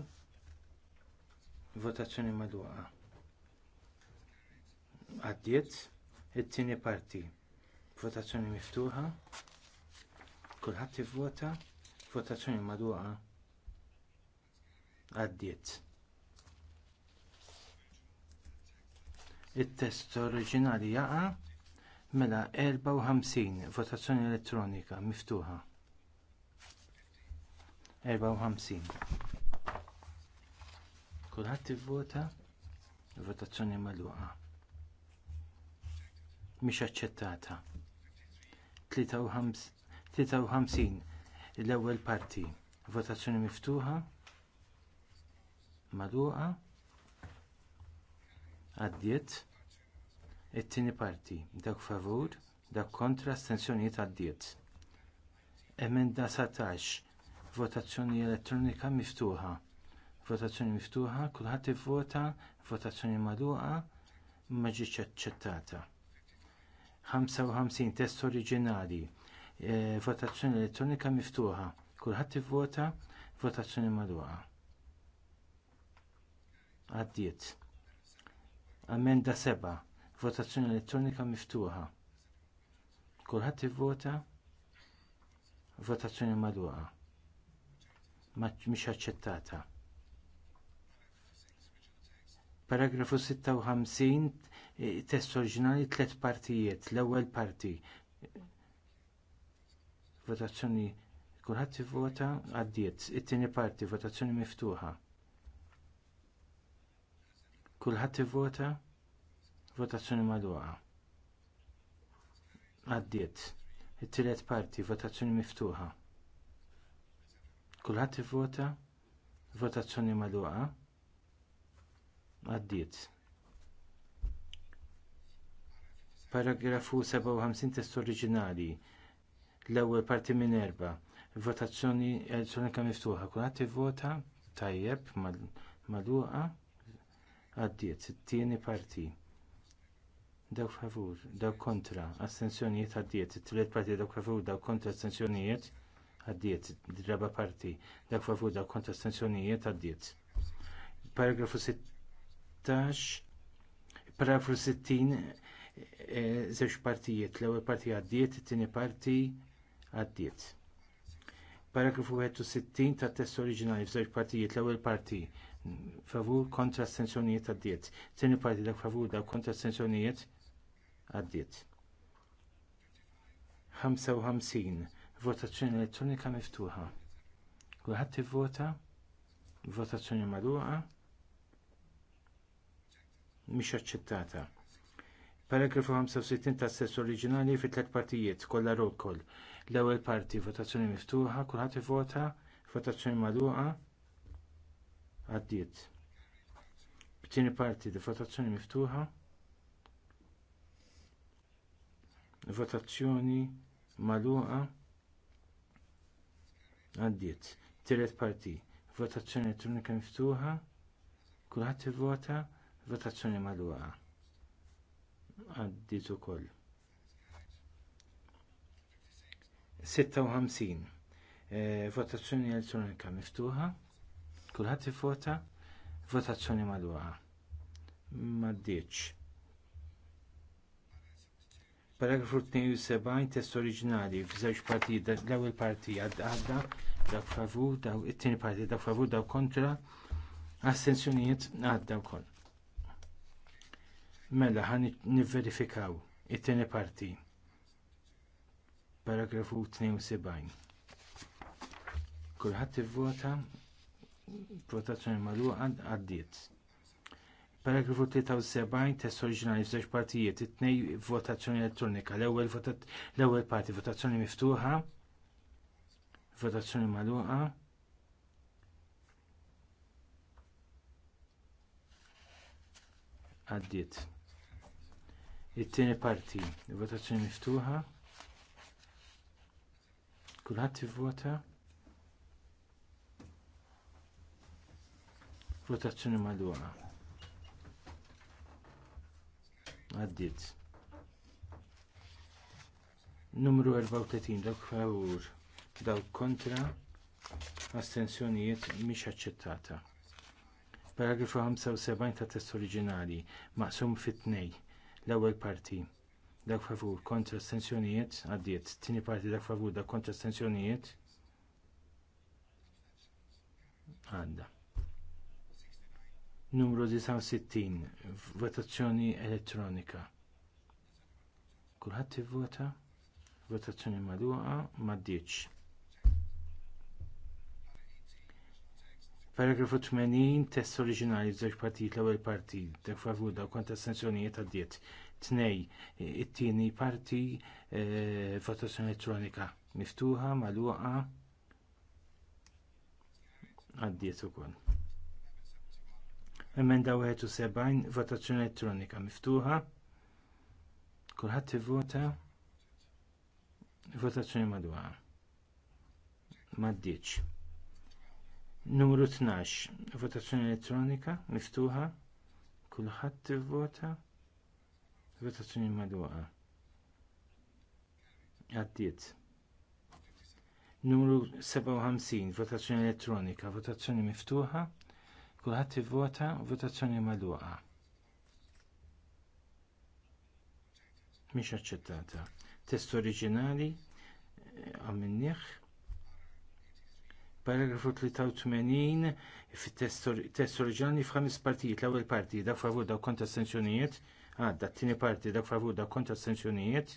votazzjoni madwaqa. Għaddiet it-tieni parti. Votazzjoni miftuħa. Kulħadd ivvota votazzjoni madwaqa. Għaddiet. it-test oriġinali jaqa' mela 54 votazzjoni elettronika miftuħa. 54. Kulħadd ivvota votazzjoni magħluqa. Mhix aċċettata. 53 l-ewwel parti. Votazzjoni miftuħa. Magħluqa. Għaddiet. It-tieni parti. Dak favur, dak kontra, astensjonijiet għaddiet. Emenda satax votazzjoni elettronika miftuħa. Votazzjoni miftuħa, kulħadd ivvota, votazzjoni magħluqa ma ġietx aċċettata. 55 test oriġinali, e, votazzjoni elettronika miftuħa, kulħadd ivvota, votazzjoni magħluqa. Għaddiet. Amenda seba'. votazzjoni elettronika miftuħa. Kulħadd ivvota, votazzjoni magħluqa mhix aċċettata. Paragrafu 56 eh, test oriġinali tliet partijiet, l-ewwel parti. Votazzjoni kulħadd ivvota għaddiet, it-tieni parti votazzjoni miftuħa. Kulħadd ivvota votazzjoni madwaqa. Għaddiet, it-tielet parti votazzjoni miftuħa. Kulħadd ivvota votazzjoni magħluqa għaddiet. Paragrafu 57 test oriġinali l-ewwel parti minn erba. Votazzjoni elettronika miftuħa. Kulħadd ivvota tajjeb magħluqa għaddiet. It-tieni parti daw favur, daw kontra, astensjonijiet għaddiet, it-tlet parti daw favur, daw kontra astensjonijiet, għaddiet, draba parti, dak favur dak kontra astensjonijiet għaddiet. Paragrafu 16, paragrafu 60, żewġ eh, partijiet, l-ewwel parti għaddiet, it-tieni parti għaddiet. Paragrafu 61 tat test oriġinali f'żewġ partijiet, l-ewwel parti favur kontra astensjonijiet għaddiet, it-tieni parti dak favur dak kontra astensjonijiet għaddiet. 55 votazzjoni elettronika miftuħa. Kulħadd ivvota, votazzjoni magħluqa mhix aċċettata. Paragrafu 65 tas sess oriġinali fi tliet partijiet, kollha roll call. L-ewwel parti votazzjoni miftuħa, kulħadd ivvota, votazzjoni magħluqa għaddiet. B'tieni parti di votazzjoni miftuħa. Votazzjoni magħluqa għaddiet. Tiret parti, votazzjoni elettronika miftuħa, kulħadd vota, votazzjoni magħluqa. Għaddiet ukoll. 56. Eh, votazzjoni elettronika miftuħa, kulħadd vota, votazzjoni magħluqa. Ma Paragrafu 72 test oriġinali f'żewġ partijiet l-ewwel parti għadda dak favur daw it-tieni parti dak favur daw kontra astensjonijiet għadda wkoll. Mela ħan nivverifikaw it-tieni parti. Paragrafu 72. Kulħadd ivvota votazzjoni magħluqa għaddiet. Paragrafu 73 test oriġinali f'żewġ partijiet, it-tnej votazzjoni elettronika, l-ewwel parti votazzjoni miftuħa, votazzjoni magħluqa. Għaddiet. It-tieni parti, votazzjoni miftuħa. Kulħadd ivvota. Votazzjoni magħluqa għaddiet. Numru 34 dak favur dawk kontra astensjonijiet mhix aċċettata. Paragrafu 75 ta' test oriġinali maqsum fit-tnej l-ewwel parti dak favur kontra astensjonijiet għaddiet, tieni parti dak favur dak kontra astensjonijiet għadda numru 69, votazzjoni elettronika. Kulħadd ivvota, votazzjoni madwaqa m'għaddiex. Paragrafu 80, test oriġinali żewġ partit l-ewwel parti, dak favur daw kont astensjonijiet għaddiet. Tnej, it-tieni parti eh, votazzjoni elettronika miftuħa, magħluqa għaddiet ukoll. Emenda 71, votazzjoni elettronika miftuħa. Kulħadd ivvota. Votazzjoni madwa. Maddiċ. Numru 12, votazzjoni elettronika miftuħa. Kulħadd ivvota. Votazzjoni madwa. Għaddiet. Numru 57, votazzjoni elettronika, votazzjoni miftuħa. Kulħadd ivvota votazzjoni magħluqa. Mhix aċċettata. Test oriġinali eh, għamminniħ. Paragrafu 83 fit-test oriġinali f'ħames partijiet l-ewwel parti dak favur daw kontra astensjonijiet, għadda t-tieni parti dak favur daw kontra astensjonijiet.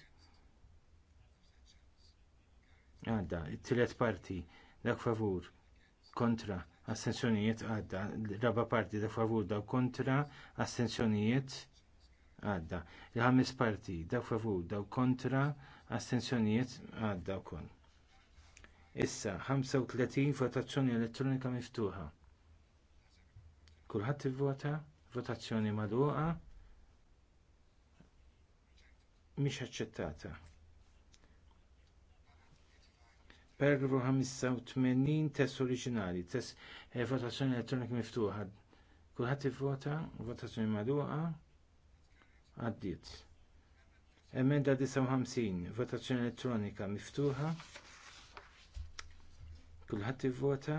Għadda, it-tielet parti dak favur kontra astensjonijiet għadda, raba parti da favur daw kontra astensjonijiet għadda, il-ħames parti da favur daw kontra astensjonijiet għadda wkoll. Issa 35 votazzjoni elettronika miftuħa. Kulħadd ivvota, votazzjoni magħluqa mhix aċċettata. Paragrafu 85 test oriġinali, test eh, votazzjoni elettronika miftuħa. Kulħadd ivvota, votazzjoni magħluqa, għaddiet. Emenda 59, votazzjoni elettronika miftuħa. Kulħadd ivvota,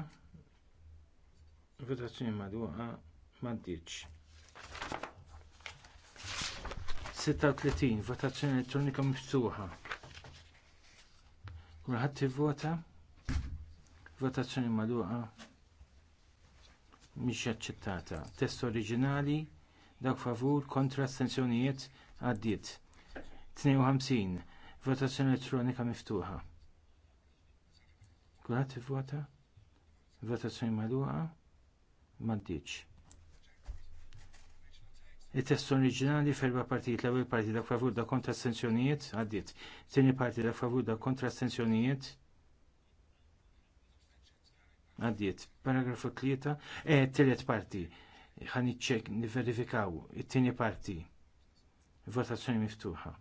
votazzjoni magħluqa, m'għaddietx. 36, votazzjoni elettronika miftuħa. Kulħadd vota? Votazzjoni magħluqa mhix aċċettata. Test oriġinali dawk favur kontra astensjonijiet għaddiet. 52. Votazzjoni elettronika miftuħa. Kulħadd vota? Votazzjoni magħluqa m'għaddietx. Il-test oriġinali ferba partijiet l ewwel parti dak favur da kontra astensjonijiet għaddiet. Tieni parti dak favur da kontra astensjonijiet għaddiet. Paragrafu tlieta, e tielet parti. Ħan iċċek niverifikaw it-tieni parti. Votazzjoni miftuħa.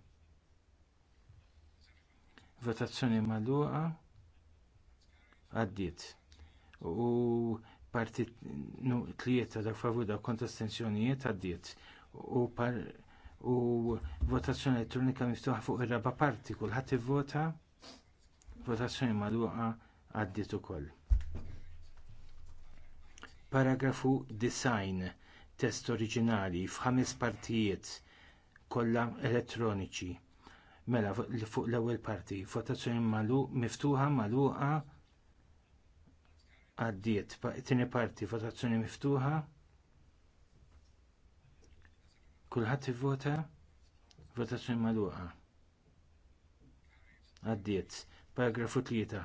Votazzjoni magħluqa għaddiet. U parti tlieta dak favur da kontra astensjonijiet għaddiet u, par, u votazzjoni elettronika miftuħa fuq ir-raba parti kulħadd ivvota votazzjoni magħluqa għaddiet ukoll. Paragrafu design test oriġinali f'ħames partijiet kollha elettroniċi. Mela fuq l-ewwel parti, votazzjoni malu miftuħa magħluqa għaddiet. Tieni parti, votazzjoni miftuħa Kulħadd vota votazzjoni maluqa. Għaddiet. Paragrafu tlieta.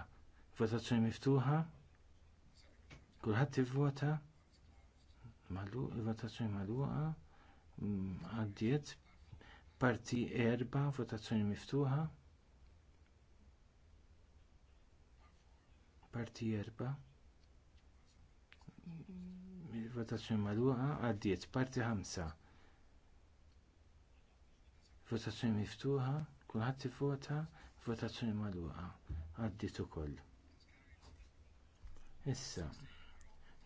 Votazzjoni miftuħa. vota. ivvota votazzjoni maluqa, mm, Għaddiet. Parti erba' votazzjoni miftuħa. Parti erba' mm, votazzjoni maluqa, għaddiet parti ħamsa votazzjoni miftuħa, kulħadd vota, votazzjoni magħluqa. Għaddit ukoll. Issa,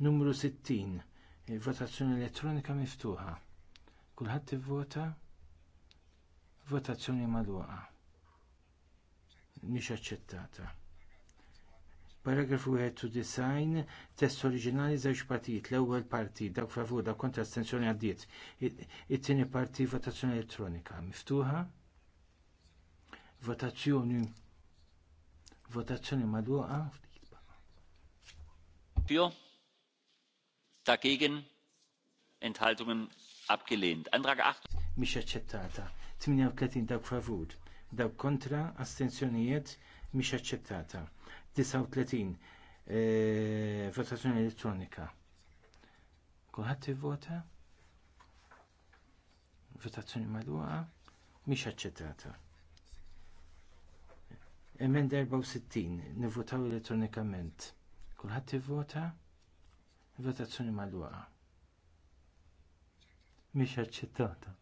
numru 60, eh, votazzjoni elettronika miftuħa. Kulħadd ivvota, votazzjoni magħluqa. Mhix aċċettata. Paragrafu 1 design, test oriġinali żewġ partijiet, l-ewwel parti dak favur dak kontra astensjoni għaddiet. It-tieni parti votazzjoni elettronika miftuħa. Votazzjoni votazzjoni madwoqa. Für, dagegen, Enthaltungen abgelehnt. Antrag 8. Mhix aċċettata. 38 dawk favur, Dawk kontra, astenzjonijiet, mhix aċċettata. 39 e, votazzjoni elettronika. Kulħadd ivvota? Votazzjoni madwa mhix aċċettata. Emenda 64 nivvotaw elettronikament. Kulħadd ivvota? Votazzjoni madwa. Mhix aċċettata.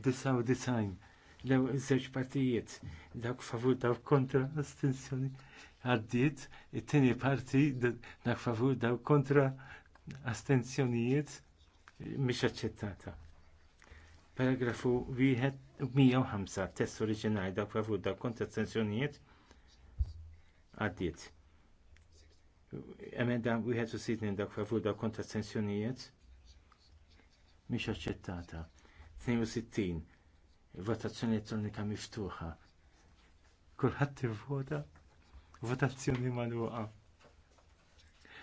Disaw 99 lew żewġ partijiet dak favur dawk kontra l astensjoni għaddiet, it-tieni parti dak favur dawk kontra astensjonijiet mhix aċċettata. Paragrafu 105 test oriġinali dak favur dawk kontra astensjonijiet għaddiet. Emenda wieħed dak sitnin dawk favur dawk kontra astensjonijiet mhix aċċettata. 62 votazzjoni elettronika miftuħa. Kulħadd ivvota votazzjoni magħluqa.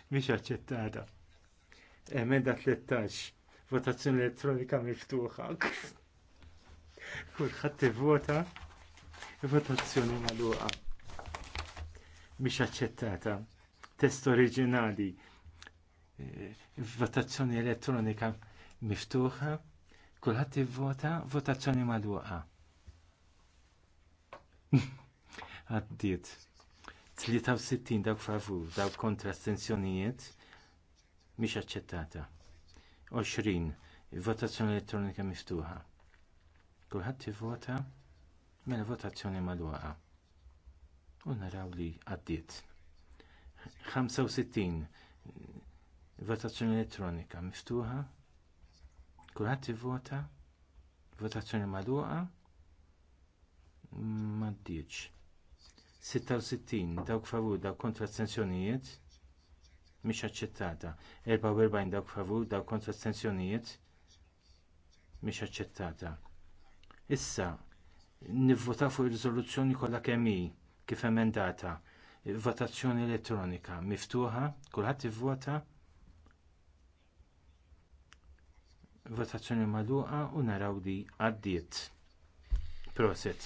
Mhix aċċettata. Emenda 13. Votazzjoni elettronika miftuħa. [LAUGHS] Kulħadd ivvota votazzjoni magħluqa. Mhix aċċettata. Test oriġinali. Eh, votazzjoni elettronika miftuħa Kulħadd ivvota votazzjoni magħluqa. [LAUGHS] Għaddiet. 63 dawk favur, dawk kontra astensjonijiet mhix aċċettata. 20 votazzjoni elettronika miftuħa. Kulħadd ivvota mela votazzjoni magħluqa. U naraw li għaddiet. 65 votazzjoni elettronika miftuħa Kulħadd ivvota, votazzjoni magħluqa, m'għaddiex. 66 dawk favur dawk kontra astensjonijiet mhix aċċettata. 44 dawk favur dawk kontra astensjonijiet mhix aċċettata. Issa nivvota fuq ir-riżoluzzjoni kollha kemm hi kif emendata. Votazzjoni elettronika miftuħa, kulħadd ivvota. Votazzjoni magħluqa u naraw li għaddiet. Proset.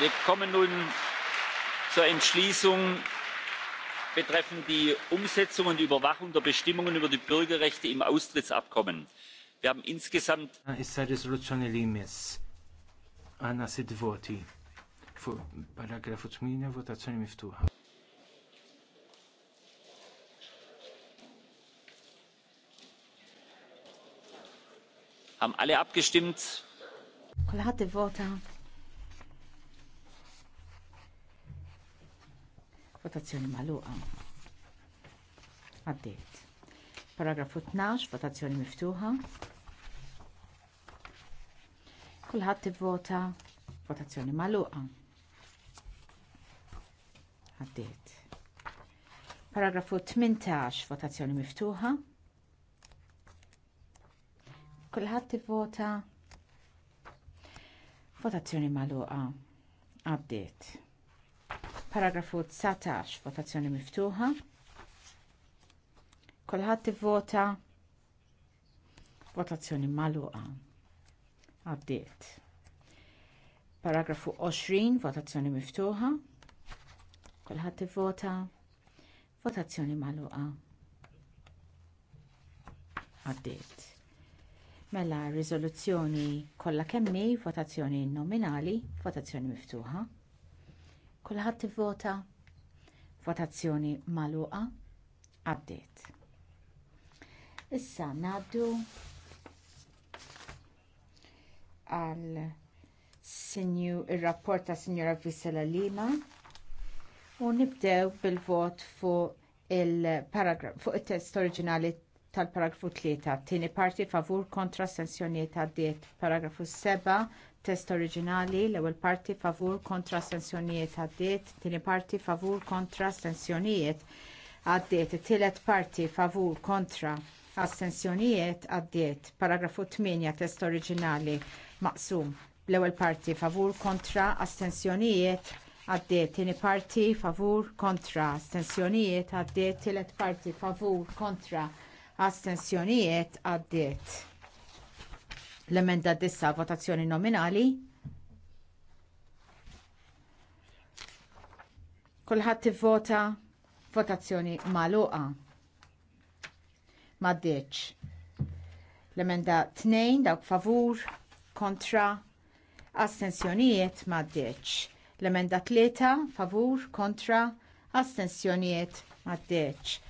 Wir kommen nun zur Entschließung betreffend die Umsetzung und Überwachung der Bestimmungen über die Bürgerrechte im Austrittsabkommen. Wir haben insgesamt. Issa sid voti. 8 Haben alle abgestimmt? Kulħadd vota. Votazzjoni maluqa. Għaddiet. Paragrafu 12, votazzjoni miftuħa. Kulħadd vota votazzjoni maluqa. Għaddiet. Paragrafu 18, votazzjoni miftuħa. Kulħadd ivvota. Votazzjoni magħluqa. Għaddiet. Paragrafu 19, votazzjoni miftuħa. Kulħadd tivvota. Votazzjoni magħluqa. Għaddiet. Paragrafu 20, votazzjoni miftuħa. Kulħadd ivvota. Votazzjoni magħluqa. Għaddiet Mela, riżoluzzjoni kollha kemm hi votazzjoni nominali, votazzjoni miftuħa. Kulħadd ivvota, votazzjoni magħluqa, għaddiet. Issa ngħaddu għal ir-rapport ta' Sinjora Visela Lima u nibdew bil-vot fuq il-paragraf fuq it-test oriġinali tal-paragrafu 3, tieni parti favur kontra sensjonijiet għaddiet. Paragrafu 7, test oriġinali, l-ewwel parti favur kontra sensjonijiet għaddiet, tieni parti favur kontra sensjonijiet għaddiet, tielet parti favur kontra assenzjonijiet għaddiet. Paragrafu 8, test oriġinali, maqsum, l-ewwel parti favur kontra astensjonijiet għaddiet tieni parti favur kontra, astensjonijiet għaddiet tielet parti favur kontra astensjonijiet għaddiet. L-emenda dissa votazzjoni nominali. Kulħadd tivvota votazzjoni magħluqa. M'għaddiex. L-emenda tnejn dawk favur, kontra, astensjonijiet m'għaddiex. L-emenda tlieta favur, kontra, astensjonijiet m'għaddiex